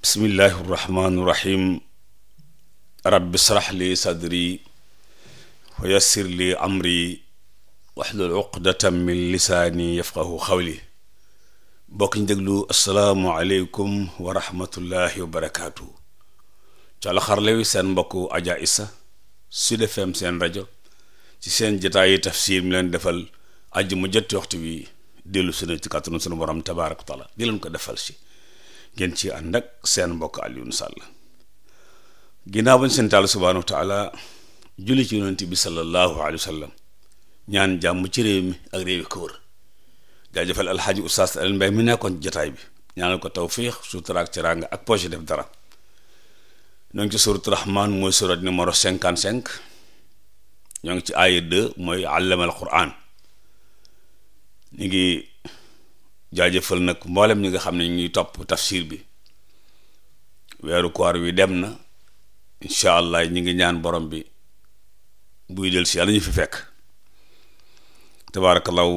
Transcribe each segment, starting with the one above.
bismillahi irrahmaani irrahim rabbi srax li sadri wa yassir li amri waxlul uqdatan min lisaani yafqahu xawli bokk ñu déglu asalaamu aleykum wa rahmatullahi wa barakaatu colo wi seen mbokku Aja Isa Sud seen rajo ci seen jataayi tafsir mi leen defal ajj mu jëtti waxtu wi dellu sunu ci kàttanu sunu borom tabaaraka wa taala di leen ko defal si ngeen ci ànd ak seen mbokk Alioune Sall ginnaaw bañ seen taal subhaanahu wa taala julli ci yonent bi sallallahu alayhi wa sallam ñaan jàmm ci réew mi ak réew yi ko wër jaajëfal alxaaji oustaz Alioune Mbaye mi nekkoon jataay bi ñaanal ko tawfiix suturaak ci ràng ak projet def dara ñoo ngi ci suuratu rahmaan mooy suurat numéro cinquante cinq ñoo ngi ci aaya deux mooy àllamal quraan ñu ngi jaajëfal nag mboolem ñi nga xam ne ñu ngi topp tafsir bi weeru koor wi dem na incha allah ñi ngi ñaan borom bi buy del si yàlla ñu fi fekk law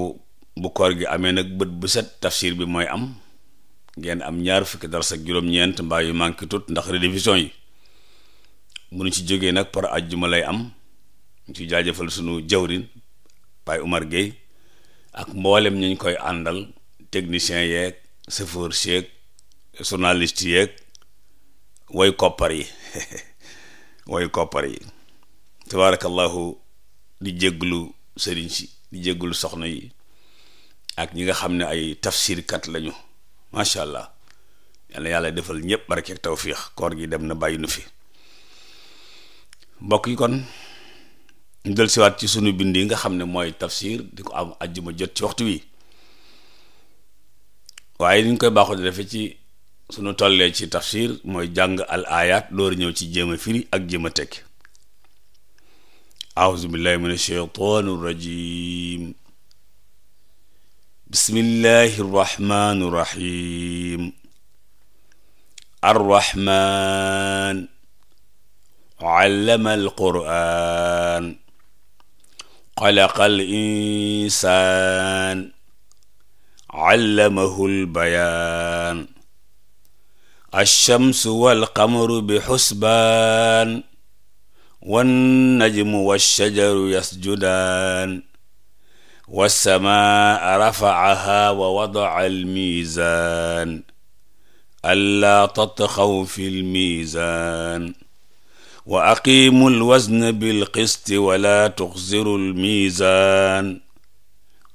bu koor gi amee nag bët bu set tafsir bi mooy am ngeen am ñaar fukki darsa ak juróom-ñeent mbaa yu manqué ndax révision yi munu ci jógee nag par ajjuma lay am ñu ci jaajëfal sunu jawrin Baay Umar Gueye ak mboolem ñu koy àndal technicien yeeg chauffeur yeeg journaliste yeeg way koppar yi way koppar yi tabaarakallahu di jégglu sëriñ si di jégglu soxna yi ak ñi nga xam ne ay tafsirkat lañu macha allah yàlla yàlla defal ñëpp barkeeg tawfiix koor gi dem na bàyyi nu fi mbokk yi kon ñu del siwaat ci sunu bind yi nga xam ne mooy tafsir di ko am ajjuma jot ci waxtu wi waaye ni ñu koy baaxoo di defee ci suñu tollee ci tafsir mooy jàng al ayat door ñëw ci jéem a firi ak jéem a tekki auzu billahi min asheytaan rajim bismillahi rahmani rahim arrahman allama alquran xalaqa al insan allamahul bayaan alchamsu walqamaru bixusbaan wannajmu walshajaru yasjudaan walsamaa rafaaha wa wadaca almiizaan allaa tatxaw fi lmiizaan wa aqimu alwazna bilqisti wala tuxziru almiizaan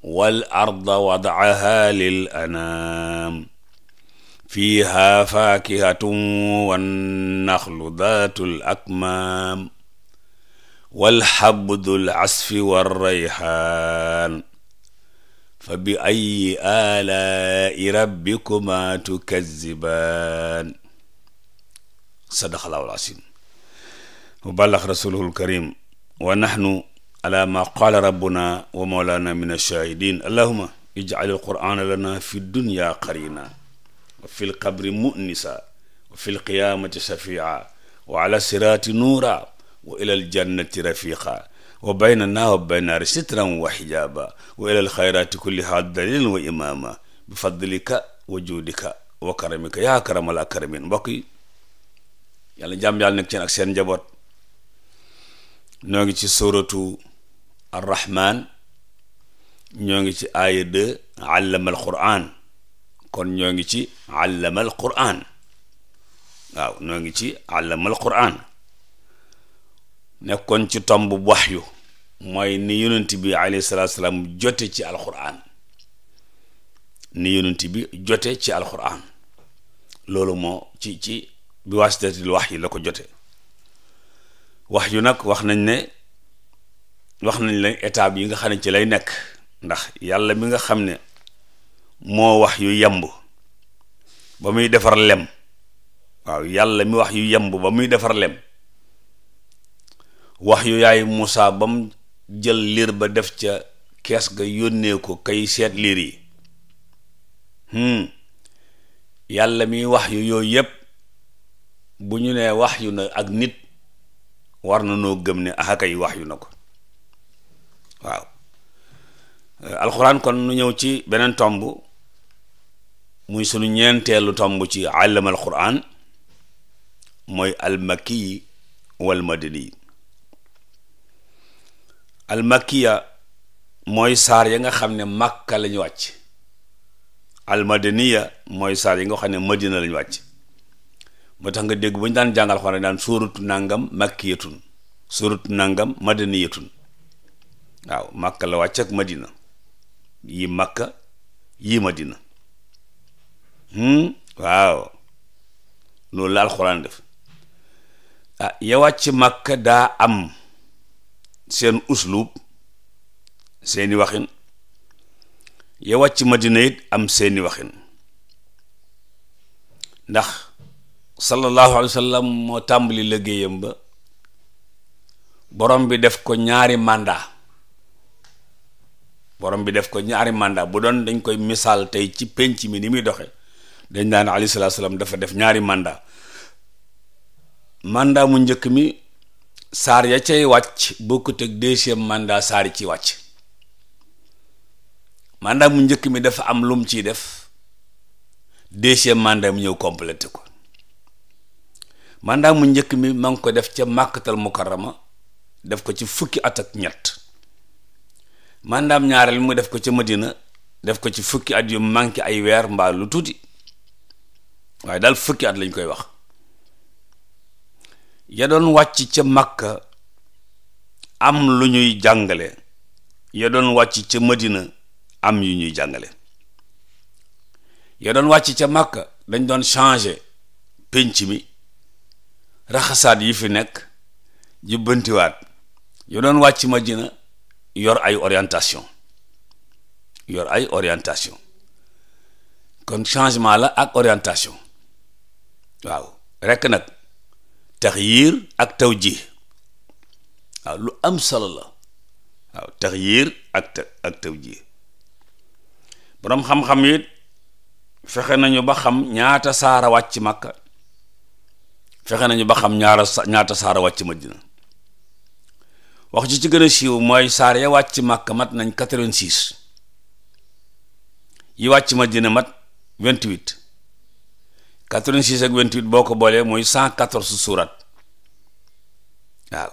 wal arda wadaaha lil anaam fiiha faakihatun wannaxlu daatul akmaam walxabbu dul casfi warrayxaan fa bi ayyi aalaa'i rabbikumaa tukazzibaan sadaqallaahu l-aziim wa ballaga rasuuluhu l-kariim wa naxnu ala ma qaala rabbuna wa mawlana min ash-shahidin allahuma ij'al al-qur'ana lana fi dunya qarina wa fi l-qabri mu'nisa wa fi l-qiyamati shafi'a wa ala sirati nuura wa ila al-jannati rafiqa wa baynana wa bayna sitran wa hijaba wa ila al-khayrati kulliha dalilan wa imama bi fadlika wa juudika wa karamika yaa karamal akramin mbokk yi yàlla jàmm yàlla nekk seen ak seen njaboot noo ngi ci sóoratu arrahman ñoo ngi ci aaya deux allama al quran kon ñoo ngi ci allama al quran waaw ñoo ngi ci allama al quran nekkoon ci tomb waxyu mooy ni yonent bi alayhi salaatu salaam jote ci alquran ni yonent bi jote ci alquran loolu moo ci ci bi waasitatil wax yi la ko jote wax yu nag wax nañ ne wax nañ la étape yi nga xam ne ci lay nekk ndax yàlla mi nga xam ne moo wax yu yemb ba muy defar lem waaw yàlla wax yu yemb ba muy defar lem wax yu yaay Moussa ba mu jël liir ba def ca kees ga yónnee ko kay seet liir yi hmm. yàlla mi wax yu yooyu yépp bu ñu nee wax yu na ak nit war na noo gëm ne axakay wax yu na ko waaw euh, alxuraan kon nu ñëw ci beneen tomb muy sunu ñeenteelu tomb ci àllama alxuraan mooy almakki wal madani almakkiya mooy saar ya nga xam ne màkka lañu wàcc almadaniya mooy saar yi nga xam ne madina lañu wàcc moo tax nga dégg bu ñu daan jàngal xoraan daan suuratu nàngam makkiyatun suuratu nangam madaniyatun waaw màkka la wàcc ak madina yi màkka yi madina hmm? waaw loolu la alxuraan def ah ya wàcc màkka daa am seen uslub seeni waxin ya wàcc madina it am seeni waxin ndax sallallahu alayhi wa sallam moo tàmbali liggéeyam ba borom bi def ko ñaari màndaa borom bi def ko ñaari mandat bu doon dañ koy misaal tey ci penc mi ni muy doxe dañ daan alayhi salaatu salaam dafa def ñaari mandat mandat mu njëkk mi saar ya cay wàcc bokkut ak deuxième mandat saar yi ci wàcc mandat mu njëkk mi dafa am lum ciy def deuxième mandat mu ñëw complété ko mandat mu njëkk mi ma ngi ko def ca màkkatal mukarama def ko ci fukki at ak ñett mandaam ñaareel mu def ko ca Madina def ko ci fukki at yu manqué ay weer mbaa lu tuuti waaye daal fukki at lañ koy wax ya doon wàcc ca Makka am lu ñuy jàngale ya doon wàcc ca Madina am yu ñuy jàngale ya doon wàcc ca Makka dañ doon changer pénc mi raxasaat yi fi nekk jubbantiwaat ya doon wàcc Madina yor ay orientation yor ay orientation kon changement la ak orientation waaw rekk nag tex yiir ak tew ji waaw lu am solo la waaw yiir ak ak ji boroom xam-xam it fexe nañu ba xam ñaata saara wàcc Makka fexe nañu ba xam ñaara ñaata saara wàcc Madina wax ji ci gën a siiw mooy saar ya wàcc màkk mat nañ 86 yi wàcc ma madina mat 28 86 ak 28 boo ko boolee mooy 114 suuraat waaw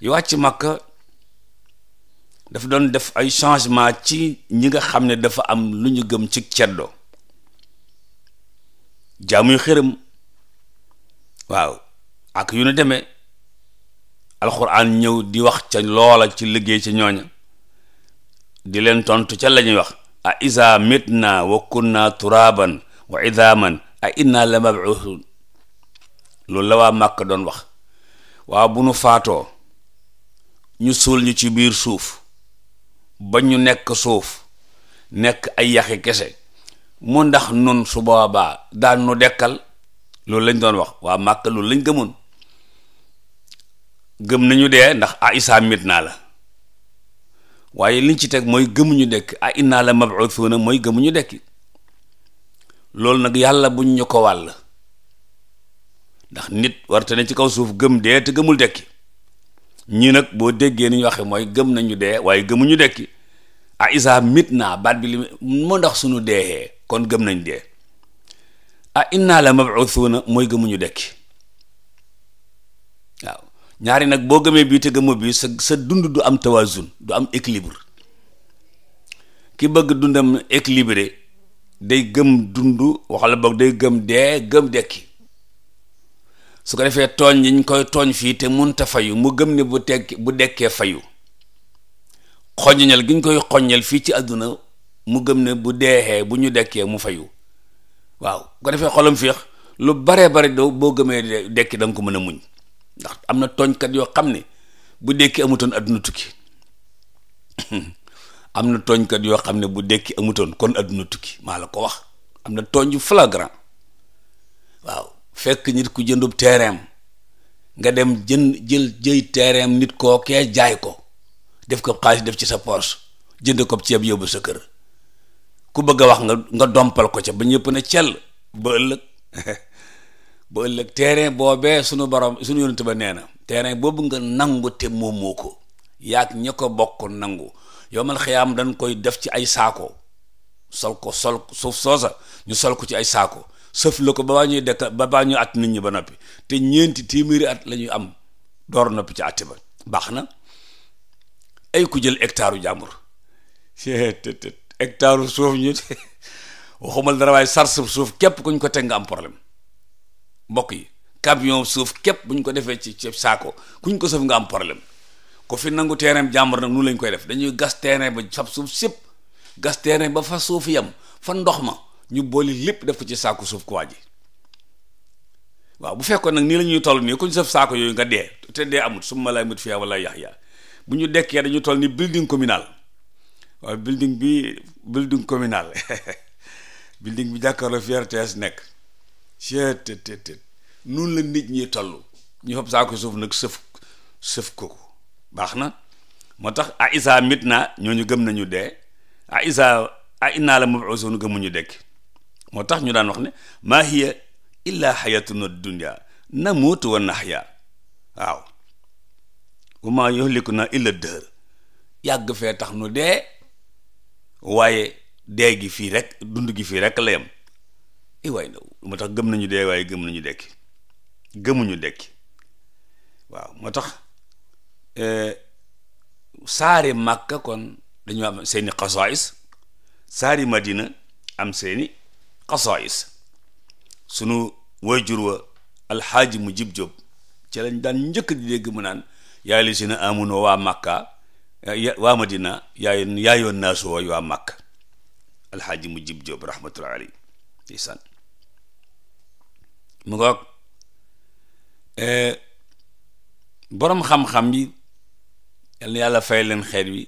yi wàcc màkk dafa doon def ay changement ci ñi nga xam ne dafa am lu ñu gëm ci ceddo jaamuy xërëm waaw ak yu nu demee alxuraan ñëw di wax ca loola ci liggéey ci ñooña di leen tontu ca la ñuy wax a isa mitna wa kunna turaban wa idaaman a inna la mabuusun loolu la waa màkk doon wax waa bu nu faatoo ñu suul ñu ci biir suuf ba ñu nekk suuf nekk ay yaxi kese mu ndax nun su boobaa daan nu dekkal loolu lañ doon wax waa màkk loolu lañ gëmoon gëm nañu dee ndax a isaa mit naa la waaye liñ ci teg mooy gëmuñu dekk a innaa la mab'uthuuna mooy gëmuñu dekki loolu nag yàlla buñ ñu ko ndax nit warte na ci kaw suuf gëm dee gëmul dekki ñi nag boo déggee ni ñu waxe mooy gëm nañu dee waaye gëmuñu dekki a isaa mit naa baat bi li mu ndax suñu deexee kon gëm nañ dee a innaa la mab'uthuuna mooy gëmuñu dekki waaw ñaari nag boo gëmee bii te gëmoo bii sa sa dund du am tawazun du am équilibre ki bëgg dundam équilibré day gëm dund waxala boog day gëm dee gëm dekki su ko defee tooñ yi ñu koy tooñ fii te munta fayu mu gëm ne bu tekki bu dekkee fayu xoññal gi ñu koy xoññal fii ci àdduna mu gëm ne bu deexee bu ñu dekkee mu fayu waaw ko defee xolam féex lu baree bare doo boo gëmee dekki da nga ko mën a muñ ndax am na tooñkat yoo xam ne bu dekki amutoon adduna tukki am na tooñkat yoo xam ne bu dekki amutoon kon adduna tukki maa la ko wax am na tooñ yu flagrant waaw fekk nit ku jëndub terrain nga dem jën jël jëy terrain nit koo kee jaay ko def ko xaalis def ci sa porse jënd ko ceeb yóbbu sa kër ku bëgg a wax nga nga dompal ko ca ba ñëpp na cell ba ëllëg ba ëllëg terrain boobee sunu borom sunu yonent ba nee na terrain boobu nga nangu te moomoo ko yaag ña ko bokk nangu yow yowmal xiyaam dañ koy def ci ay saako sol ko sol suuf soosa ñu sol ko ci ay saako sëf la ko ba baa ñuy dekk ba baa ñu at nit ñi ba noppi te ñeenti téeméeri at la ñuy am door noppi ci àtte ba baax na ay ku jël hectare u jàmbur hectare suuf ñu waxumal dara waaye sar suuf képp ku ñu ko teg nga am problème mbokk yi camion suuf képp bu ñu ko defee ci ci saako kuñ ko sëf nga am problème ko fi nangu terrain jàmbar nag nu lañ koy def dañuy gas terrain ba sab suuf sépp gas terrain ba fa suuf yam fa ndox ma ñu booli lépp def ko ci saako suuf ku ji waaw bu fekkoon nag nii la ñuy toll nii ku ñu sëf saako yooyu nga dee te dee amut su ma lay mut fiyaa wala yax yaa bu ñu dekkee dañu toll nii building communal waaw building bi building communal building bi jàkkaarloo fi RTS nekk cet tet tet tet la nit ñi toll ñu fab saako suuf nag sëf sëf ko ko baax na moo tax a isa mit na ñooñu gëm nañu dee a isa a inna la mabusuun gëmuñu dekk moo tax ñu daan wax ne maa hiya illa xayatuna dunya namuutu wa naxya waaw wama yuhlikuna illa dëhër yàgg fee tax nu dee waaye dee gi fii rek dund gi fii rek la yem i waay ndaw moo tax gëm nañu dee waaye gëm nañu dekki gëmuñu dekki waaw moo tax eh, saari màkka kon dañu am seeni xasaayis saari madina am seeni xasaayis sunu wayjur wa alxaaji mu jib job ci lañ daan njëkk di dégg mu naan yaay li si na amunoo waa màkka madina yaayoon yaayoon naa su wooy waa màkka alxaaji mu jib job rahmatullahi alayhi mu ngoog e, boroom xam-xam yi yàlla fay leen xeet wi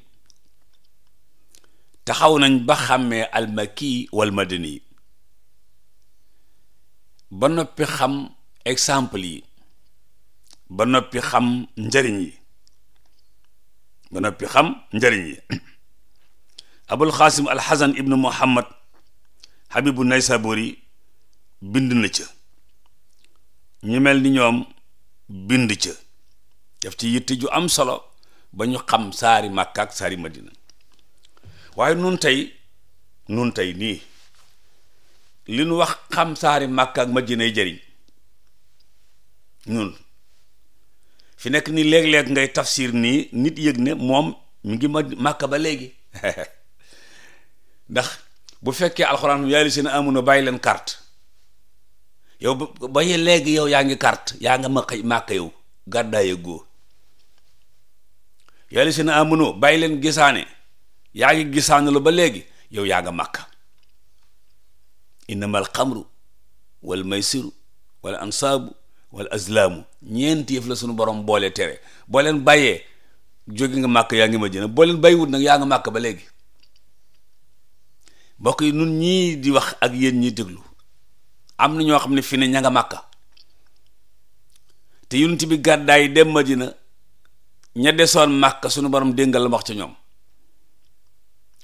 taxaw nañ ba xàmmee almakki wal madani ba noppi xam exemple yi ba noppi xam njëriñ yi ba noppi xam njëriñ yi abul xaasim alxasan ibnu muhammad habibu yi bind na ca ñu mel ni ñoom bind ca def ci yitte ju am solo ba ñu xam saari Màkka ak saari Madina waaye nun tey nun tey nii li nu wax xam saari Màkka ak Madina jëriñ ñun fi nekk ni léeg-léeg ngay tafsir nii nit yëg ne moom mu ngi Màkka ba léegi ndax bu fekkee alxuraan yaa li seen amuna bàyyi leen carte yow ba léegi yow yaa ngi carte yaa nga màq màq yow gàddaaye góo yàlla si na amunoo bàyyi leen gisaane yaa ngi gisaane lu ba léegi yow yaa nga màkk ma xamru wal maysiru wal ansaabu wal azlaamu ñeenti yëf la sunu borom boole tere boo leen bàyyee jóge nga màkk yaa ngi ma jëna boo leen bàyyiwut nag yaa nga màkk ba léegi mbokk yi nun ñii di wax ak yéen ñi déglu am na ñoo xam ne fi ne ñanga nga màkka te yonent bi gàddaay dem Madina ña desoon màkka suñu borom déngal la wax ci ñoom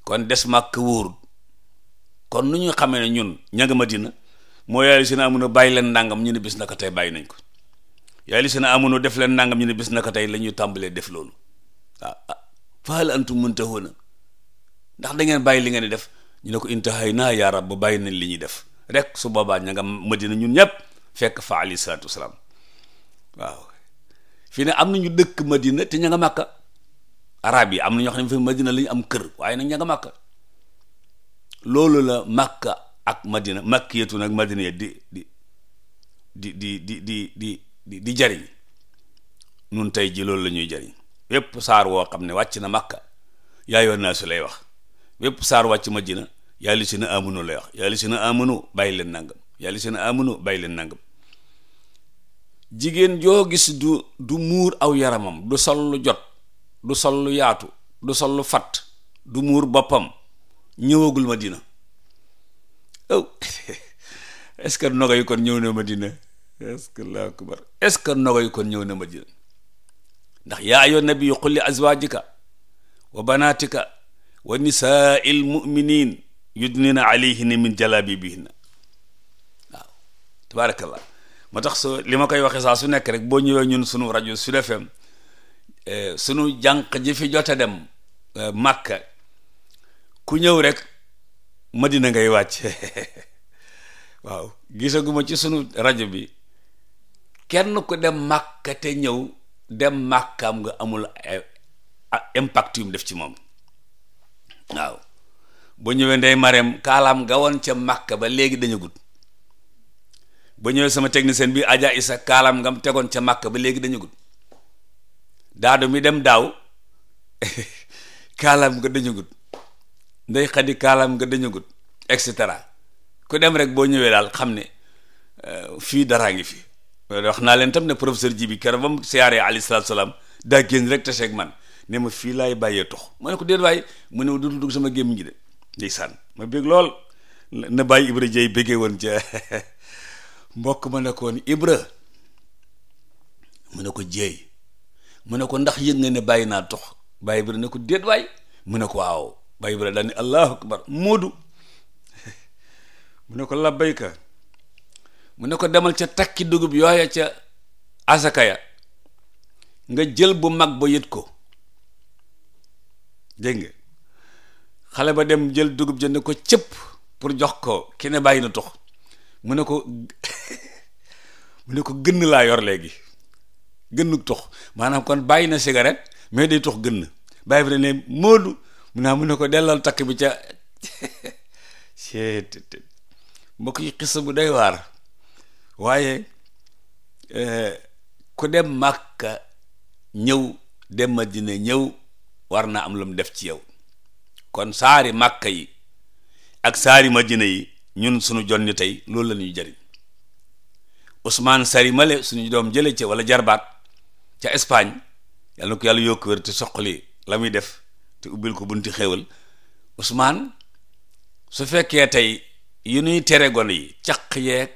kon des màkka wóorul kon nu ñu xamee ne ñun ña nga Madina moo yaayu si na amuno bàyyi leen ndàngam ñu ne bis na tey bàyyi nañ ko yaayu si na amuno def leen ndàngam ñu ne bis na tey la ñuy tàmbalee def loolu waaw ah, fa hal antum muntahuuna ndax da ngeen bàyyi li ngeen di def ñu ne ko naa yaa rabb bàyyi nañ li ñuy def rek su boobaa ña nga madina ñun ñépp fekk fa alayhi salaatu wasalaam waaw fii ne am na ñu dëkk madina te ña nga màkka arab yi am na ñoo xam ne fi madina la am kër waaye nag ña nga loolu la màkka ak madina makkiyatu nag madina di di di di di di di di di jariñ nun tey ji loolu la ñuy jariñ yépp saar woo xam ne wàcc na màkka yaayoon naa lay wax yépp saar wàcc madina yaa si na amunu lay wax yaa si na amunu bàyyi leen nangam yaa li si na amunu bàyyi leen nangam jigéen joo gis du du muur aw yaramam du sol lu jot du sol lu yaatu du sol lu fatt du muur boppam ñëwagul Madina oh est-ce que nogo yi kon ñëw na Madina est-ce que la akbar ñëw na Madina ndax yaa ayyuhan nabiyyu qul li azwaajika wa banaatika wa mu'miniin yudnina alayhinna min jalaabibihinna waaw tabaarakallah moo tax su li ma koy waxee saa su nekk rek boo ñëwee ñun sunu rajo Sud FM eh, sunu jànq ji fi jot a dem eh, Màkka ku ñëw rek Madina ngay wàcc waaw gisaguma ci sunu rajo bi kenn ku dem Màkka te ñëw dem Màkkaam nga amul eh, impact yu mu def ci moom waaw ba ñëwee ndey mareem kaalaam gawoon ca màkk ba léegi dañu gut ba ñëwee sama technicien bi aja isa kaalaam ngam tegoon ca màkk ba léegi dañu gut daadu mi dem daaw kaalaam nga dañu gut ndey xadi kaalaam nga dañu gut et cetera ku dem rek boo ñëwee daal xam ne euh, fii daraa ngi fi wax naa leen tam ne professeur ji bi keroog ba mu siyaaree alayhi salaam daa génn rek taseeg man ne ma fii laay bàyyee tox ma ne ko déet waaye mu ne dudul dugg sama gémmiñ gi de ndeysaan ma bég lool na bàyyi ibra jëy béggee woon ca mbokk ma ne koon ibra mu ne ko jëy mu ne ko ndax yëg nga ne bàyyi naa tox bàyyi ibra ne ko déet waay mu ne ko waaw bàyyi ibra daal ne allahu akbar moodu mu ne ko labbayka mu ne ko demal ca takki dugub yooya ca asakaya nga jël bu mag ba yët ko dégg nga xale ba dem jël dugub jënd ko cëpp pour jox ko ki ne bàyyi na tux mu ne ko mu ne ko gën laa yor léegi gënn tux maanaam kon bàyyi na cigarette mais day tux gën bàyyi bi ne moodu mu naa ah, mu ne ko dellal takk bi ca mbokk yi xisa bu day waar waaye eh, ku dem màkka ñëw dem dina ñëw war naa am lu mu def ci yow kon saari makk yi ak saari madina yi ñun suñu jon ñu tey loolu la ñuy jëriñ Ousmane Sari male suñu doom jële ca wala jarbaat ca Espagne yàlla na ko yàlla yokk wér te soqali la muy def te ubbil ko bunti xéewal Ousmane su fekkee tey yu nuy tere gone yi caq yeek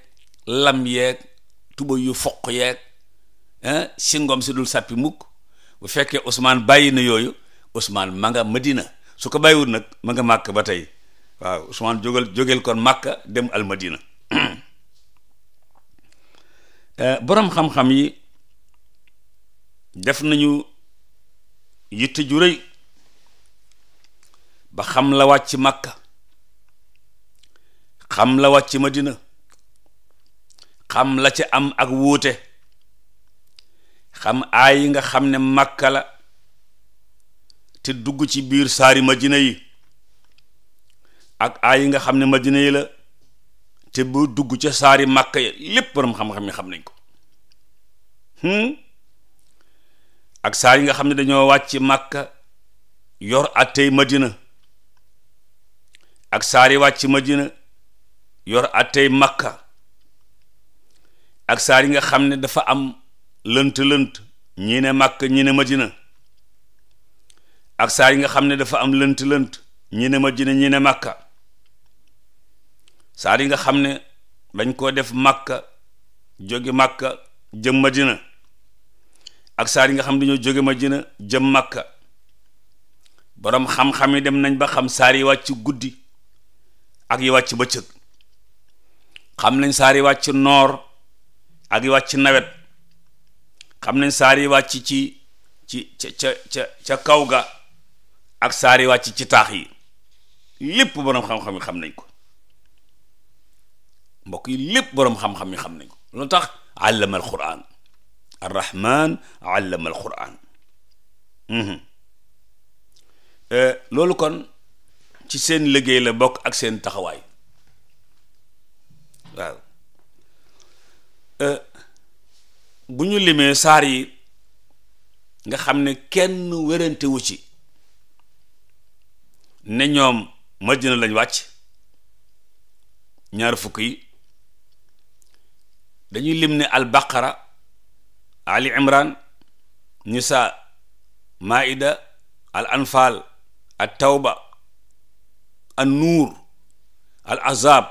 lam yeeg tuba yu foq yeeg singom si dul sàppi mukk bu fekkee Ousmane bàyyi na yooyu Ousmane ma nga Madina su ko bàyyiwul nag ma nga màkk ba tey waaw Usmaan jógal jógel kon màkk dem almadina eh, boroom xam-xam yi def nañu yitte ju rëy ba xam la wàcc màkka xam la wàcc madina xam la ci am ak wuute xam aay yi nga xam ne màkka la te dugg ci biir saari madina yi ak aay yi nga xam ne madina yi la te bu dugg ca saari màkk ya lépp borom xam-xam yi xam nañ ko hmm? ak saar yi nga xam ne dañoo wàcc màkka yor madina ak saari yi wàcc madina yor attey màkka ak saar nga xam ne dafa am lënt-lënt ñi ne màkk ñi ne madina ak saari nga xam ne dafa am lënt-lënt ñi ne Madina ñi ne Makka saar nga xam ne dañ koo def Makka jóge Makka jëm Madina ak saar nga xam ne dañoo jóge Madina jëm Makka boroom xam-xam yi dem nañ ba xam saari yi wàcc guddi ak yi wàcc bëccëg xam nañ saar yi wàcc noor ak yi wàcc nawet xam nañ saar yi wàcc ci ci ca ca ca ca kaw ga ak saari wàcc ci taax yi lépp boroom xam-xam yi xam nañ ko mbokk yi lépp boroom xam-xam yi xam nañ ko lu tax allama alquran arrahman allama alquran mhm. euh, loolu kon ci seen liggéey la bokk ak seen taxawaay waaw euh, bu ñu limee saari yi nga xam ne kenn wérantewu ci ne ñoom madina lañ wàcc ñaar fukk dañuy lim ne albaqara ali imran nisa maida al anfal al tawba an nuur al azab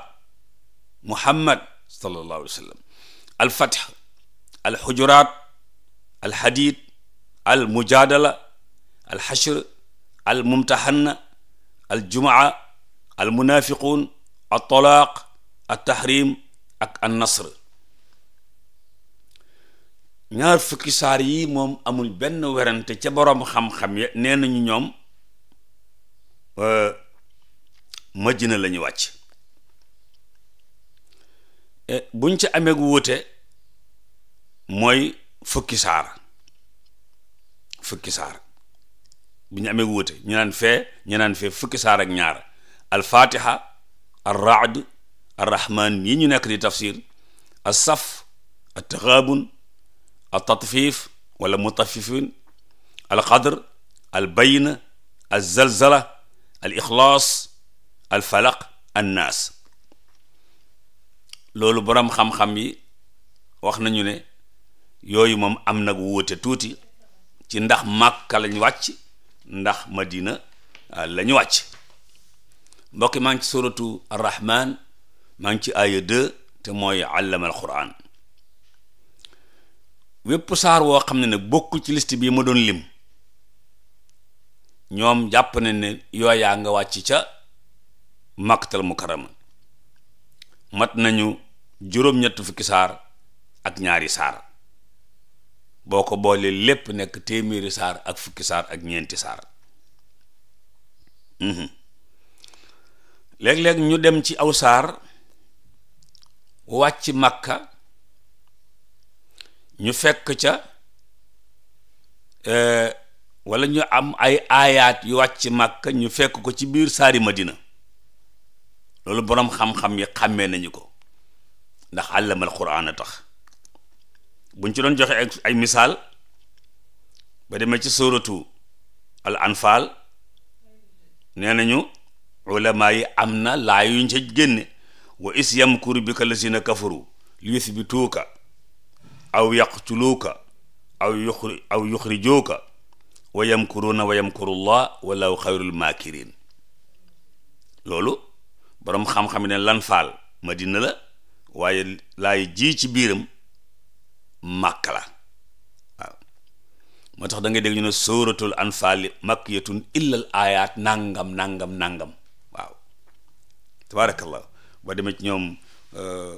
muhammad sallallahu alayhi wa sallam al fatx al xujuraat al hadid al mujadala al xashr al mumtahanna aljumaa almunafiqun altalaaq altahrim ak annasr ñaar fukki saar yi moom amul benn werante ca boroom xam-xam ya nee nañu ñoom euh, Madina la ñu wàcc buñ ca amee gu wute mooy fukki saar fukki saar bu ñu amee wuute ñu naan fee ñu fee fukki saarak ñaar alfatiha ar raad yi ñu nekk di tafsir as saf at taxaabun wala mutafifin al qadr al bayna al zalzala al ixlaas loolu boroom xam-xam yi wax nañu ne yooyu moom am nag wuute tuuti ci ndax màkka lañ ndax madina ah, la ñu wàcc mbokki maa ngi ci suratu arrahman maa ngi ci aya 2 te mooy àllama alquran wépp saar woo xam ne ne bokkul ci list bii ma doon lim ñoom jàpp ne ne yaa nga wàcc ca makkatal mukarama mat nañu juróom-ñett fukki saar ak ñaari saar boo ko boole lépp nekk téeméeri saar ak fukki saar ak ñeenti saar mhm. léeg-léeg ñu dem ci aw saar wàcc Makka ñu fekk ca euh, walla ñu am ay aayaat yu wàcc Makka ñu fekk ko ci biir saari Madina loolu boroom xam-xam yi xàmmee nañu ko ndax àllamal quraan a tax buñ ci doon joxe ay misaal ba demee ci sóoratu al anfaal nee nañu ulama am na laa yuñ ca génne wa is yamkuru bika lazina kafaru li yuthbituuka aw yaqtuluuka aw yuxri aw yuxrijuuka wa yamkuruuna wa yamkurullah wallahu xayrul loolu boroom xam-xam ne lan faal madina la waaye laay ji ci biiram màkk la waaw moo tax da ngay dégg ñu ne sóoratul anfaali makkiyatun illal ayaat nangam nangam nangam waaw tabaarakallah boo demee ci ñoom euh,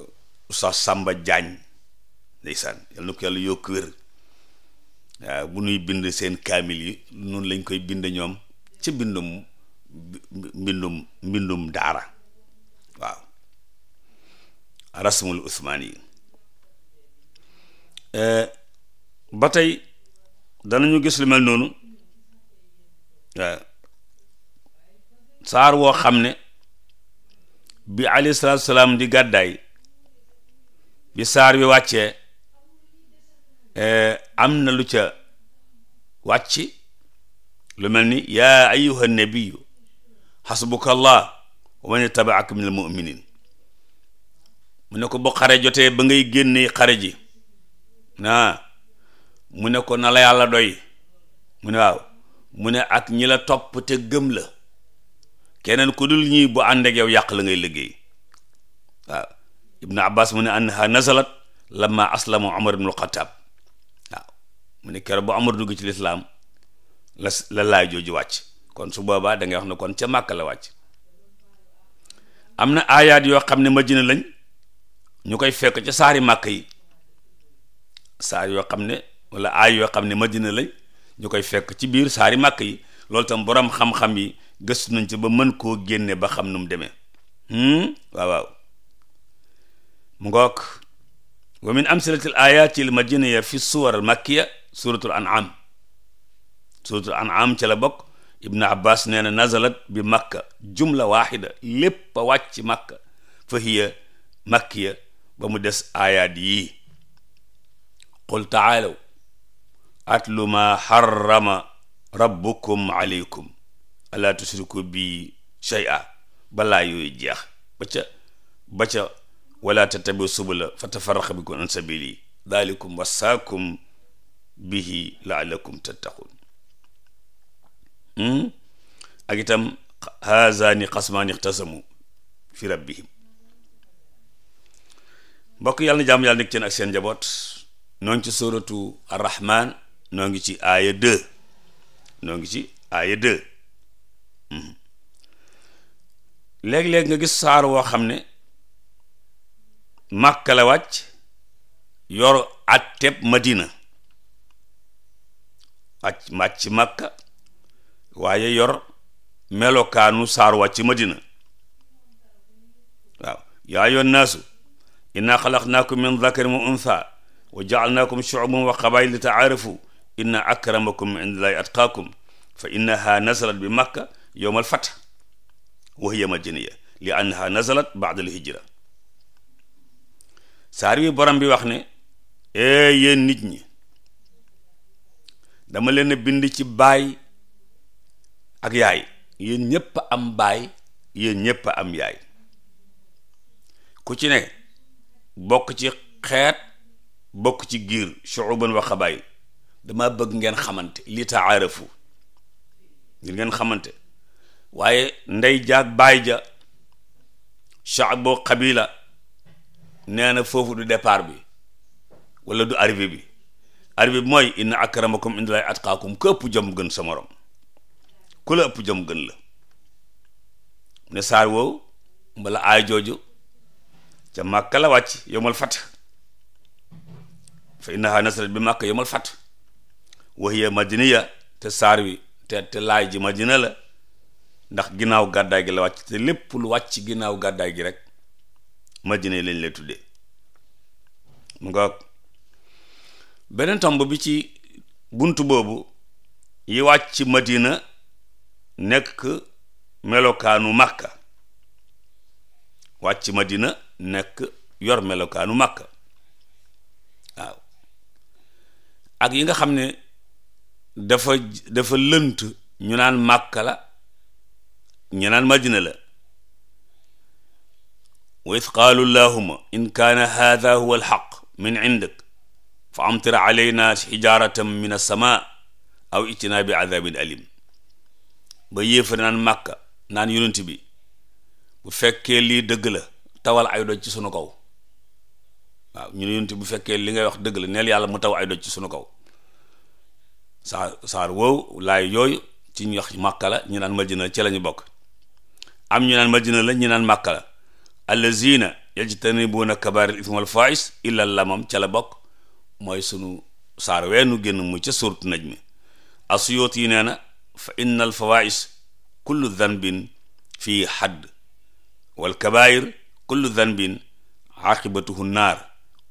Oustaz Samba Diagne ndeysaan yal na ko yàlla yokk wér bu nuy bind seen kaamil yi noonu lañ koy bind ñoom ci bindum mbindum mbindum daara waaw rasmul usmaan yi Eh, ba tey ñu gis lu mel noonu waaw eh, saar woo xam ne bi aleyhi salaatu salaam di gàddaay bi saar wi wàcce eh, am na lu ca wàcc lu mel ni yaa ayyuha nabiyu xasbuka allah wa man min al mu ne ko bu xare jotee ba ngay génne xare ji naa mu ne ko na la yàlla doy mu ne waaw mu ne ak ñi la topp te gëm la keneen ku dul ñii bu ànd ak yow yàq la ngay liggéey waaw ibnu abbas mu ne annaha nazalat lamma aslama omar ibnul xataab waaw mu ne keroog bu omar dugg ci lislaam la la laay jooju wàcc kon su boobaa da ngay wax ne kon ca màkk la wàcc am na aayaat yoo xam ne madina lañ ñu koy fekk ca saari màkk yi saar yoo xam ne walla aay yoo xam ne madina lañ ñu koy fekk ci biir saari màkk yi loolu tam borom xam-xam yi gëstu nañ ci ba mën koo génne ba xam nu mu demee hmm? waaw waaw mu ngoog wa min amsilatil ayati al madiniya fi suwar al makkiya suratul an'am suratul an'am ca la bokk ibnu abbas nee na nazalat bi makka jumla waaxida lépp a wàcc makka fa hiya makkiya ba mu des ayaat yii qul taalaw atlu ma xarama rabbukum aleykum alaa tusriku bi shay'a balaa yooyu jeex ba ca ba ca wala tattabi subula fa tafaraqa bikum an sabili dalikum wasaakum bihi laalakum tattaqun ak itam haazani xasmaani ixtasamu fi rabbihim mbokk yàlla na jàmm yàlla nekk seen ak seen njaboot noonu ci suratu arrahman noo ngi ci aaya 2 noo ngi ci aaya 2 mhm. léeg-léeg nga gis saar woo xam ne màkka la wàcc yor atteb madina wàcc wàcc màkka waaye yor melokaanu saar wàcc madina waaw yaa ayyuhan naasu inna xalaqnaakum min dakarin wa unthaa wa jaalnaakum shuuban wa qabaa'ila li taarafu inna akramakum indallaahi atqaakum fa innaha nazalat bi makka yowm al wa hiya madaniya li annaha nazalat baada al hijra saar wi borom bi wax ne ee yéen nit ñi dama leen bind ci baay ak yaay yéen ñépp am baay yéen ñépp am yaay ku ci ne bokk ci xeet bokk ci giir shu'uban wa xabaayil dama bëgg ngeen xamante li taarafu ngir ngeen xamante waaye ndey jaag baay ja shaabo xabila nee na foofu du départ bi wala du arrivé bi arrivé bi mooy inna akramakum indallahi atqaakum ku ëpp jom gën sa morom ku la ëpp jom gën la ne saar woowu mbala aay jooju ca màkka la wàcc yomal fat fa innaha nasarat bi màkk yawmal fath wa hiya madiniya te saar wi te te laay ji madina la ndax ginnaaw gàddaay gi la wàcc te lépp lu wàcc ginnaaw gàddaay gi rek madina yi lañ la tudde mu nga beneen tomb bi ci bunt boobu yi wàcc madina nekk melokaanu màkka wàcc madina nekk yor melokaanu màkka ak yi nga xam ne dafa dafa lënt ñu naan màkka la ñu naan madina la wa id qaalu llahuma in kaana haada huwa alxaq min indik fa amtir alayna xijaratan min alsama aw itina bi adabin alim ba yéefar naan màkka naan yonent bi bu fekkee lii dëgg la tawal ay doj ci sunu kaw waaw ñu ne yonent bu fekkee li ngay wax dëgg la neel yàlla mu taw ay doj ci sunu kaw saar saar laay yooyu ci ñu wax màkka ñu naan madina ci la ñu bokk am ñu naan madina la ñu naan màkka la allazina yajtanibuuna kabaaril ithmi wal fawaahis illa lamam ca la bokk mooy sunu saar weenu génn mu ca surat najmi asuyóot yi nee na fa inna al fawaahis kullu danbin fii wal kabaayir kullu danbin aqibatuhu naar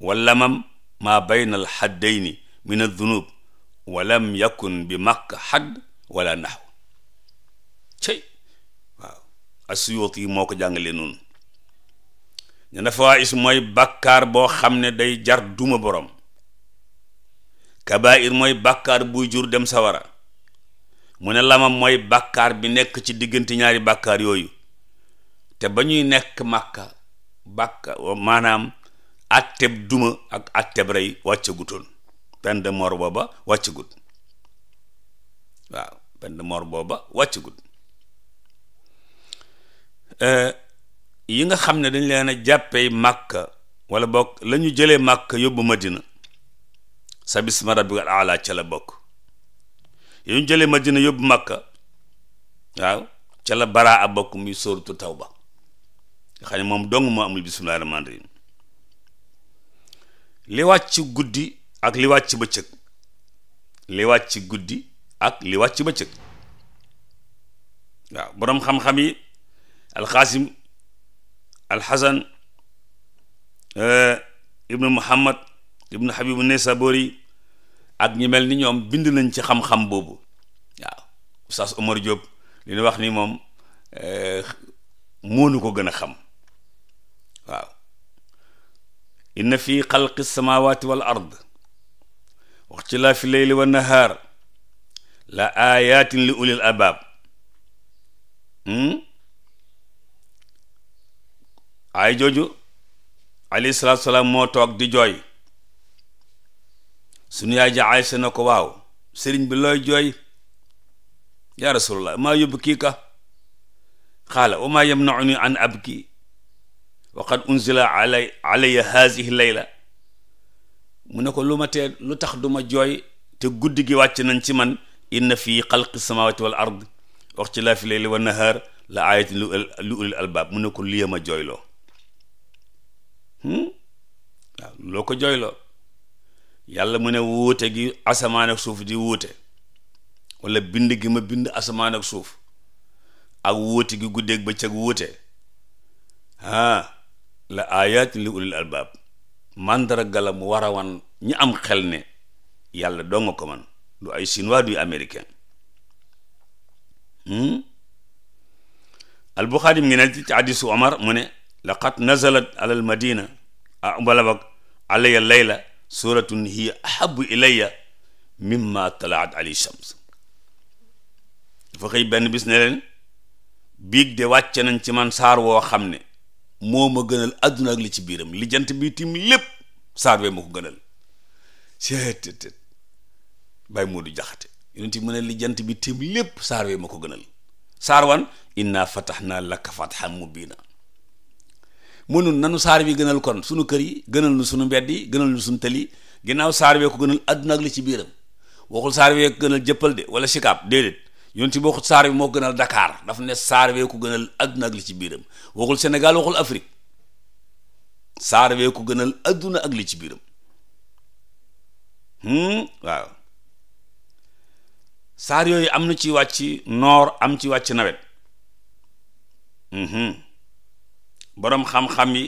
wa lamam maa bayna al xaddayni min adunub wa lam yakun bi makka xadd wala naxw cey waaw asuyóot yi moo ko jàngale noonu ne na fawaayis mooy bàkkaar boo xam ne day jar duma borom kabaayir mooy bàkkaar buy jur dem sawara mu ne lamam mooy bakkaar bi nekk ci diggante ñaari bàkkaar yooyu te ba ñuy nekk màkka bàkka maanaam atteb duma ak atteb rey wàccagutoon peine de mort booba wàccagut waaw peine de mort booba euh, yi nga xam ne dañ leen a jàppee màkka wala bokk la ñu jëlee màkka yóbbu madina sa bisma rabbikal aala ca la bokk yu jëlee madina yóbbu màkka waaw ca la baraa a bokk muy sóoratu tawba nga xam ne moom dong moo amul bismillahi rahmaani rahim li wàcc guddi ak li wàcc bëccëg li ci guddi ak li wàcc bëccëg waaw boroom xam-xam yi alxaasim alxasan eh, ibnu muhammad ibnu habibu nesabori ak ñi mel ni ñoom bind nañ ci xam-xam boobu waaw oustaz omar diop li ñu wax ni moom eh, moonu ko gën a xam inna fi xalqi samawati wal ard wax ci laa fi leyli wa nahaar la ayatin li ulil albaab ay jooju alayhi salaatu salaam moo toog di jooy sunu yaay ja Aysa na ko waaw sëriñ bi looy jooy yaa rasulallah maa yubkiika qaala wa maa yamnauni an abki wa qad unzila alay alayya hazihi layla mu ne ko lu ma lu tax du ma jooy te guddi gi wàcc nañ ci man inna fii xalqi samawati wal ard wax ci laa fi layli wa nahaar la ayatin lu ulil albaab mu ne ko liyam a jooyloo hmm? waaw loo ko jooyloo yàlla mu ne wuute gi asamaan ak suuf di wuute walla bind gi ma bind asamaan ak suuf ak wuute gi guddeeg bëccëg wuute ah la ayaati li ulil albaab màndarga la mu war a wan ñi am xel ne yàlla doo ko man du ay chinois du américain hmm? albuxaari mi ngi ne ci hadisu omar mu ne laqad nazalat ala al madina ah balabag alayya layla suratun hiya ahabu ilayya mimma talaat ali shams dafa xëy benn bis ne leen de wàcce nañ ci man saar woo xam ne moo ma gënal àdduna ak li ci biiram li jant bi tim lépp saar bee ma ko gënal seetet bàyyi moo du jaxate yonent mu ne li jant bi tim lépp saar bee ma ko gënal saar wan inna fataxnaa laka fatxan mubiina mënun nanu saar bi gënal kon sunu kër yi gënal nu sunu mbedd yi gënal nu sunu tëli ginnaaw saar bee ko gënal àdduna ak li ci biiram waxul saar bee ko gënal jëppal de wala sikaab déedéet yonti boo xut saar bi moo gënal Dakar daf ne saar wee ko gënal adduna ak li ci biiram waxul Sénégal waxul Afrique saar wee ko gënal adduna ak li ci biiram hmm? waaw saar yooyu am na ci wàcc noor am ci wàcc nawet hmm. boroom xam-xam yi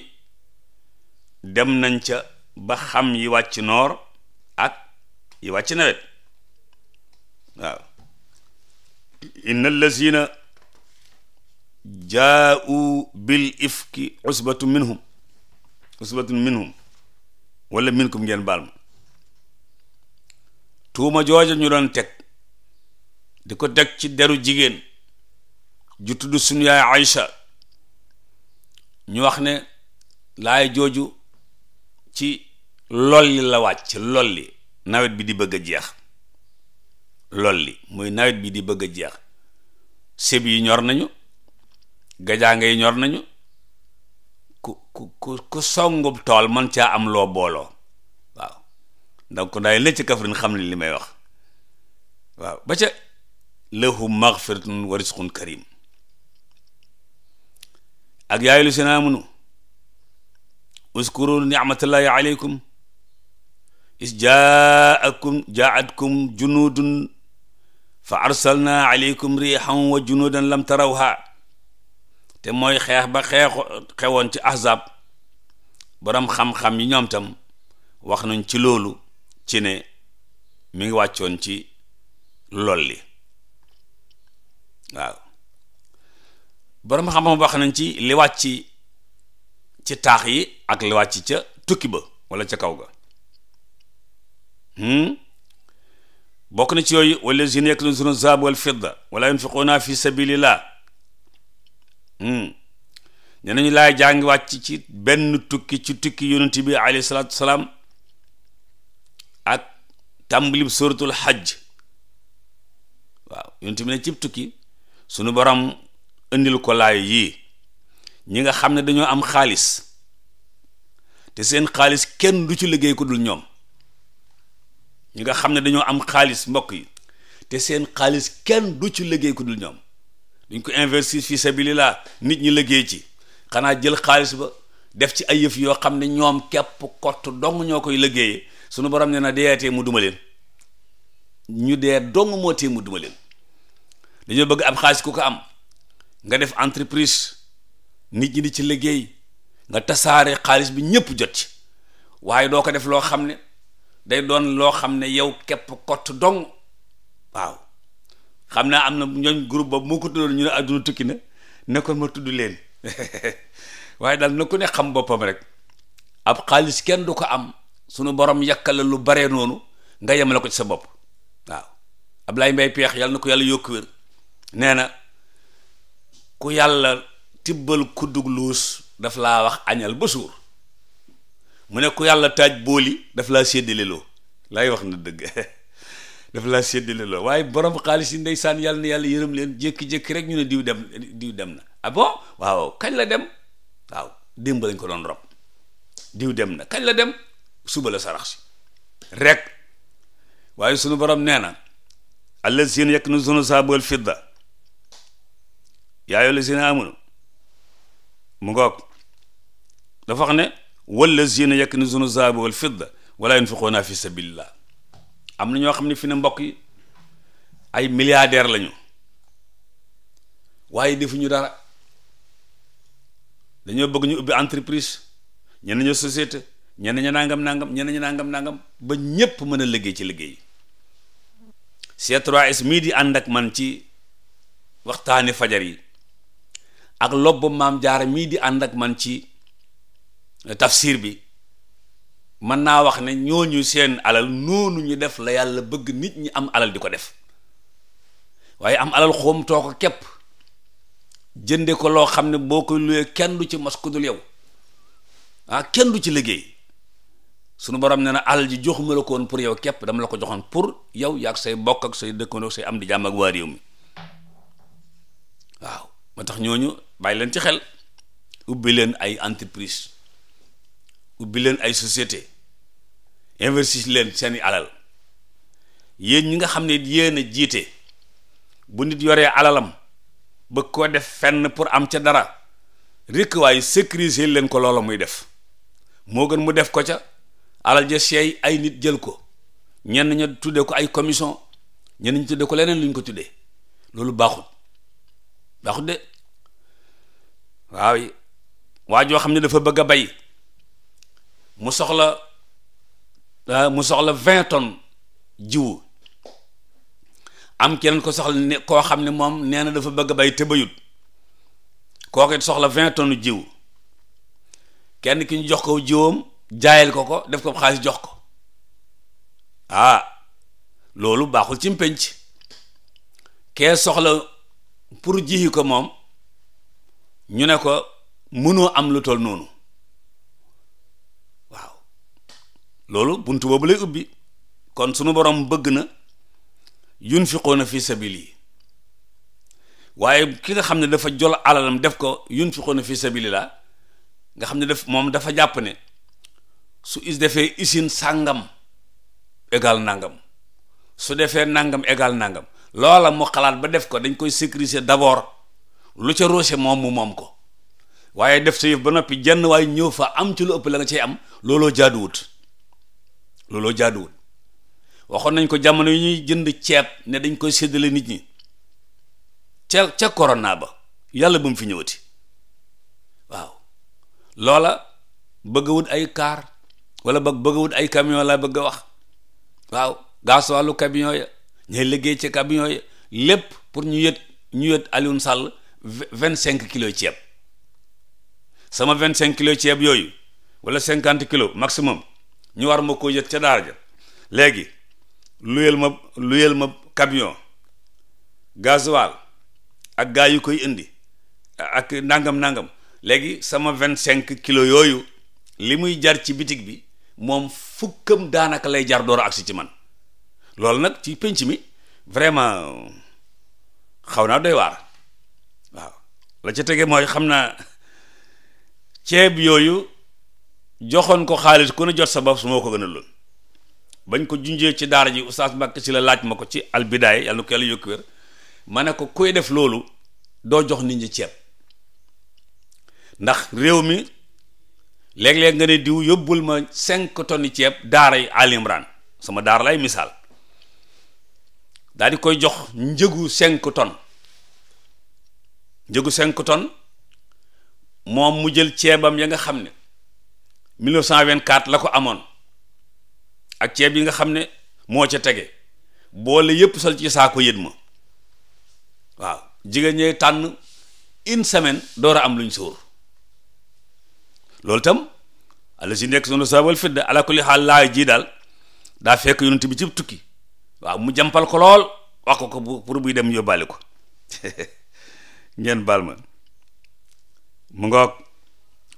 dem nañ ca ba xam yi wàcc noor ak yi wàcc nawet waaw inna allazina jaau bil ifki usbatu minhum usbatun minhum wala minkum ngeen baal ma tuuma jooja ñu doon teg di ko teg ci deru jigéen ju tudd suñu yaay ñu wax ne laay jooju ci lool lolli la wàcc li nawet bi di bëgg jeex lool li mooy nawet bi di bëgg a jeex sëb yi ñor nañu gajaanga yi ñor nañu ku ku ku songub tool man caa am loo booloo waaw donc ndaay la ci Kaffrine xam ne li wax waaw ba ca lahum maghfiratun wa rizqun karim ak yaayu lu si naa munu uskuru ni'matallahi alaykum is jaa'akum jaa'atkum junudun fa arsalna aleykum rihan wa junudan lam tarawha te mooy xeex ba xeexu xewoon ci ahzab boroom xam-xam yi ñoom tam wax nañ ci loolu ci ne mi ngi wàccoon ci lolli waaw boroom xam-xam wax nañ ci li wàcc ci taax yi ak li wàcc ca tukki ba walla ca kaw ga hmm? bokk na ci yooyu wallazina yaklunzuna zaab wal fidda wala yunfiquuna fi sabilillah hmm. ne nañu laay jàngi wàcc ci benn tukki ci tukki yonent bi alayhi salaatu wasalaam ak tàmbalib suratul xajj waaw yonent bi ne cib tukki sunu borom indil ko laay yii ñi nga xam ne dañoo am xaalis te seen xaalis kenn du ci liggéey ko dul ñoom ñi nga xam ne dañoo am xaalis mbokk yi te seen xaalis kenn du ci liggéey ku dul ñoom duñ ko investir fi sabilillah nit ñi liggéey ci xanaa jël xaalis ba def ci ay yëf yoo xam ne ñoom képp kott dong ñoo koy liggéeyee sunu borom ne na deeatee mu duma leen ñu dee dong moo tee mu duma leen dañoo bëgg ab xaalis ku ko am nga def entreprise nit ñi di ci liggéey nga tasaare xaalis bi ñëpp jot ci waaye doo ko def loo xam ne day doon loo xam ne yow képp kott dong waaw xam naa am na ñooñ groupe ba moo ko tuddoon ñu ne àdduna tukki na nekkoon ma tudd leen waaye daal na ku ne xam boppam rek ab xaalis kenn du ko am sunu borom yàkkal lu bare noonu nga yemale ko ci sa bopp waaw Ablaye Mbaye Peex yàlla na ko yàlla yokk wér nee na ku yàlla tibbal kuddug luus daf laa wax añal ba suur mu ne ku yàlla taaj booli daf laa séddaleloo lay wax na dëgg daf laa séddaleloo waaye borom xaalis yi ndeysaan yàlla na yàlla yërëm leen jékki-jékki rek ñu ne diw dem dem na ah waaw kañ la dem waaw démb lañ ko doon rob diw dem na kañ la dem suba la sarax si rek waaye sunu borom nee na allazina yaknizuna zahabu wal fidda yaa ayyuhallazina amanu mu ngoog dafa wax ne wallazina yaknizuna zaaba wal fidda wala yunfiquuna fi sabilillah am na ñoo xam ne fi ne mbokk yi ay milliardaire lañu waaye defuñu dara dañoo bëgg ñu ubbi entreprise ñenn ñoo société ñenn ña nangam nangam ñenn ña nangam nangam ba ñépp mën a liggéey ci liggéey C3S mii di ànd ak man ci waxtaani fajar yi ak lobb maam jaara mii di ànd ak man ci tafsir bi mën naa wax ne ñooñu seen alal noonu ñu def la yàlla bëgg nit ñi am alal di ko def waaye am alal xoom ko képp jënde ko loo xam ne boo ko luyee kenn du ci mas ku ah, kenn du ci liggéey sunu borom ne na alal ji joxuma la ko pour yow képp dama la ko joxoon pour yow yaa ak say bokk ak say dëkkandoo say am di jàmm ak waa réew mi waaw moo tax ñooñu bàyyi leen ci xel ubbi leen ay entreprise ubbi leen ay societé investis leen seeni alal yéen ñi nga xam ne yéen a jiite bu nit yoree alalam bëgg koo def fenn pour am ca dara rekk waaye sécuriser leen ko loola muy def moo gën mu def ko ca alal ja seey ay nit jël ko ñenn ña tuddee ko ay commission ñenn ñu tuddee ko leneen luñ ko tuddee loolu baaxut baaxut de waaw waa joo xam ne dafa bëgg a bay mu soxla ah, mu soxla vingt tonnes jiw am kenn ko soxla ne koo xam ne moom nee na dafa bëgg a bay te bayut soxla vingt tonnes jiw kenn ki ñu jox ko jiwoom jaayal ko ko def ko xaalis jox ko ah loolu baaxul ci mpenc kee soxla pour jihi ko moom ñu ne ko mënoo am lu toll noonu loolu bunt boobu lay ubbi kon sunu borom bëgg na yunfiquuna fi sabili waaye ki nga xam ne dafa jol alalam def ko yunfiquuna fi sabili la nga xam ne def moom dafa jàpp ne su is defee usine sàngam égal nangam su defee nangam égal nangam loola mu xalaat ba def ko dañ koy sécuriser d'abord lu ca roose moom mu moom ko waaye def sa yëf ba noppi jenn waaye ñëw fa am ci lu ëpp la nga cay am looloo jaaduwut looloo jaaduwul waxoon nañ ko jamono yi ñuy jënd ceeb ne dañ koy séddale nit ñi ca ca corona ba yàlla bu mu fi ñëwati waaw loola bëgg wut ay kaar wala ba bëgg wut ay camion laa bëgg a wax waaw gaas wàllu camion ya ñay liggéey ci camion ya lépp pour ñu yët ñu yët Alioune Sall vingt cinq kilos ceeb sama vingt cinq kilos ceeb yooyu wala cinquante kilos maximum ñu war ma ko yët ca daara ja léegi luyel ma luyel ma camion gasoil ak gaa yu koy indi ak nangam nangam léegi sama vingt cinq kilos yooyu li muy jar ci bitig bi moom fukkam daanaka lay jar door a ci man loolu nag ci pénc mi vraiment xaw naa doy waar waaw la ca tege mooy xam naa ceeb yooyu joxoon ko xaalis ku ne jot sa bopp su moo ko gën a lool bañ ko junjee ci daara ji oustaz Mbàkke si la laaj ma ko ci albidaay yàlla na ko yàlla yokk ma ne ko koy def loolu doo jox nit ñi ceeb ndax réew mi léeg-léeg nga ne diw yóbbul ma cinq tonnes ceeb daaray alimran sama daara lay misaal daal koy jox njëgu cinq tonnes njëgu cinq moom mu jël ceebam yi nga xam ne 1924 la ko amoon ak ceeb yi nga xam ne moo ca tege boole yépp sol ci saako yët ma waaw jigéen ñee tànn une semaine door a am luñ sóor loolu tam alla si nekk sunu saabal fidda ala kulli xaal laa ji daal daa fekk yonent bi ci tukki waaw mu jàmpal ko lool wax ko ko pour buy dem yóbbaale ko ngeen baal ma mu ngoog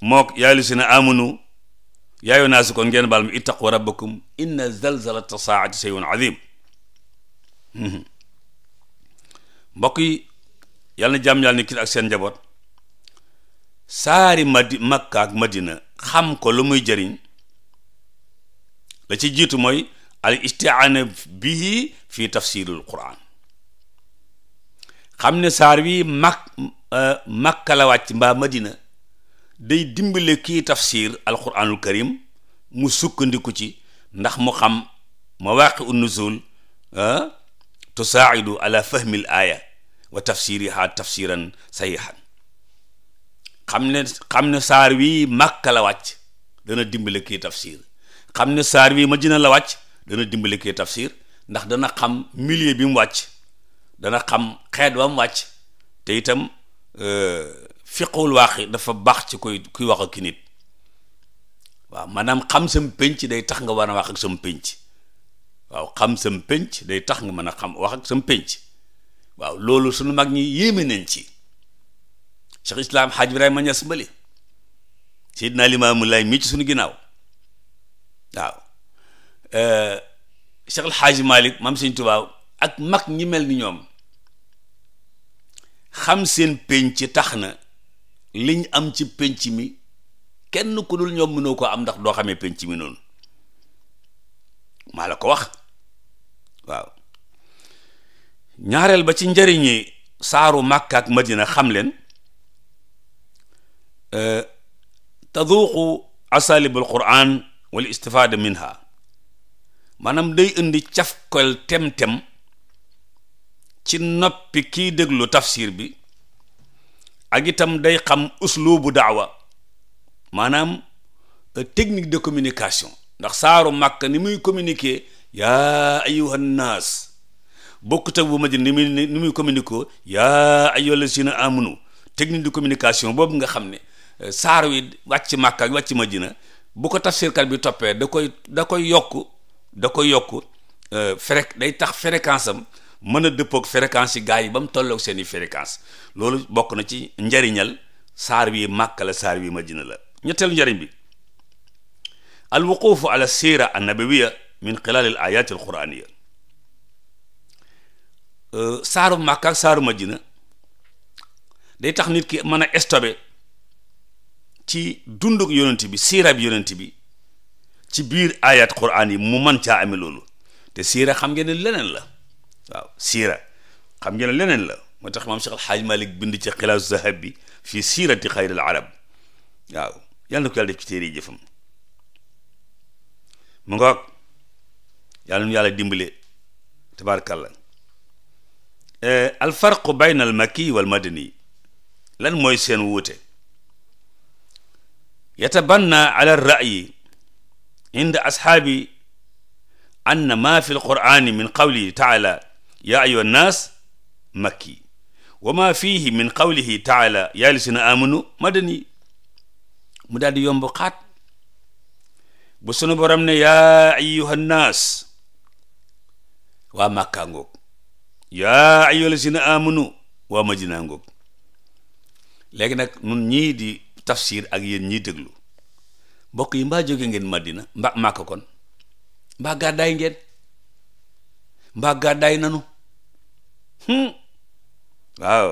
mook yaalu si na amunu yaayoo naa si kon ngeen baal mi ittaqu rabbakum inna zalzalata saati shay'un azim mbokk yi yàlla na jàmm yàlla ni kit ak seen njaboot saari madi makka madina xam ko lu muy jëriñ la ci jiitu mooy al istiaana bihi fi tafsirul quran xam ne saar wi mak euh, makka la wàcc mbaa madina day dimbale kii tafsir alquranul karim mu sukkandiku ci ndax mu xam mawaqi un nuzul tusaaidu ala fahmi l aaya wa tafsiriha tafsiran sahihan xam ne xam saar wi màkka la wàcc dana dimbale kii tafsir xam ne saar wi madina la wàcc dana dimbale kii tafsir ndax dana xam milieu bi mu wàcc dana xam xeet ba mu wàcc te euh, fiqhul waaqi dafa baax ci koy kuy wax ak ki nit waaw maanaam xam sam pénc day tax nga war a wax ak sam pénc waaw xam sam pénc day tax nga mën a xam wax ak sam pénc waaw loolu suñu mag ñi yéeme nañ ci Cheikh Islam Hadj Ibrahima Niass Mbali Seydina Limaamu Laay mi ci suñu ginnaaw waaw euh, Cheikh El Hadj Malick maam Sëñ ak mag ñi mel ni ñoom xam seen pénc tax na liñ am ci pénc mi kenn ku dul ñoom mënoo ko am ndax doo xamee pénc mi noonu maa la ko wax waaw ñaareel ba ci njëriñi saaru màkka ak madina xam leen euh, taduuqu asalibul quran wal istifaada minha maanaam day indi cafkol tem-tem ci noppi kiy déglu tafsir bi ak itam day xam uslubu daawa maanaam euh, technique de communication ndax saaru makk ni muy communiquer yaa ayyuhan naas bokkut ak bu Madina ni muy ni muy communiquer yaa ayyuhallazina amanu technique de communication boobu nga xam ne euh, saar wi wàcc màkk ak wàcc Madina bu ko tafsirkat bi toppee da koy da koy yokk da koy yokk euh, frek day tax fréquence am mën a dëppoog fréquence yi gars yi ba mu tolloog seeni i loolu bokk na ci njariñal saar wi màkk la saar wi madina la ñetteelu njariñ bi al wuqufu ala sira annabawiya min xilal al ayat al quraniya euh, saaru màkk ak saaru madina day tax nit ki mën a stope ci dunduk yonent bi siirab yonent bi ci biir ayat quraan yi mu mën caa amee loolu te siira xam ngeen leneen la waaw siira xam ngeen leneen la moo tax maam Cheikh Al Hadj Malick bind ci xilaasu zahab bi fii siirati xayril arab waaw yàlla na ko yàlla def ci téere yi jëfam mu ngoog yàlla nu yàlla dimbale tabarakallah eh, al farqu bayna al makki wal madani lan mooy seen wuute yatabanna ala ra'yi inda ashaabi anna ma fi al qur'ani min qawlihi taala yaa ayyuha nnaas makki wa ma fihi min qawlihi taala yaa lisina amanu madani mu daal di yomb xaat bu sunu borom ne yaa ayyuha nnaas waa màkkaa ngoog yaa ayyuha lisina amanu waa madina ngoog léegi nag nun ñii di tafsir ak yéen ñiy déglu mbokk yi mbaa jóge ngeen madina mba màkk kon mbaa gàddaay ngeen mbaa gàddaay nanu Hmm. waaw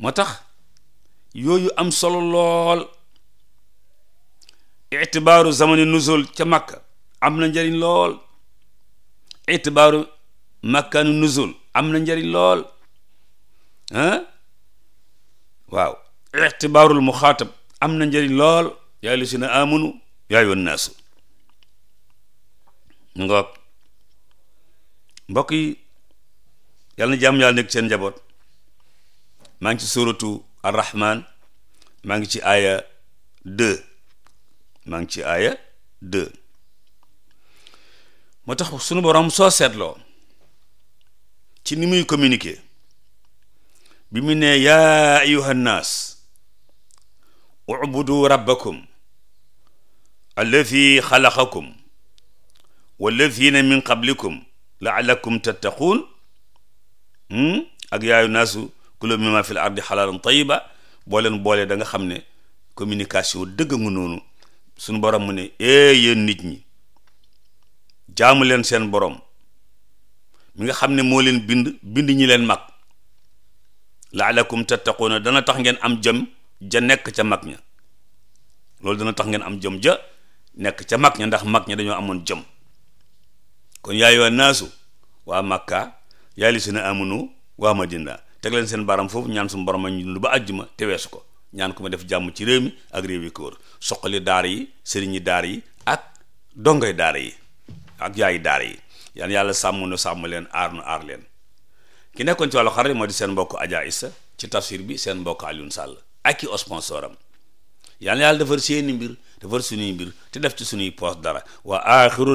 moo tax yooyu am solo lool itibaaru zamani nuzul ca makka am na njariñ lool itibaaru makkanu nuzul am na njariñ lool ah waaw itibaarul muxaatab am na njariñ lool yaa lasina amanu yaa yoon naasu ngoog mbokk yàlla na jàmm yàlla nekk seen njaboot maa ngi ci suratu arrahman maa ngi ci aaya deux maa ngi ci aaya deux moo tax sunu borom soo seetloo ci ni muy communiquer bi mu ne ya yaa ayuha nnaas ubudu rabbakum alladi xalaqakum wallazina min qablikum laallakum tattaquun Hmm? ak yaayu naasu kulu mimma fil ardi xalaalan tayiba boo leen boolee da nga xam ne communication dëgg nga noonu suñu borom mu ne ee yéen nit ñi jaamu leen seen borom mi nga xam ne moo leen bind bind ñi leen mag laalakum tattaquuna dana tax ngeen am jëm ja nekk ca mag ña loolu dana tax ngeen am jëm ja nekk ca mag ña ndax mag ña dañoo amoon jëm kon yaay waa naasu waa makka yaa lisina amanu waa Madina teg leen seen baram foofu ñaan suñu borom ñu dund ba àjjuma te weesu ko ñaan ko ma def jàmm ci réew mi ak réew yi ko daar yi daara yi daar yi ak dongoy daara yi ak yaayi daara yi yan yàlla sàmm nu sàmm leen aar nu aar leen ki nekkoon ci wàllu xarale moo di seen mbokk Adja Issa ci tafsir bi seen mbokk Alioune Sall ak i sponsor am yal na yàlla defar seeni mbir defar suñuy mbir te def ci suñuy poos dara wa axiru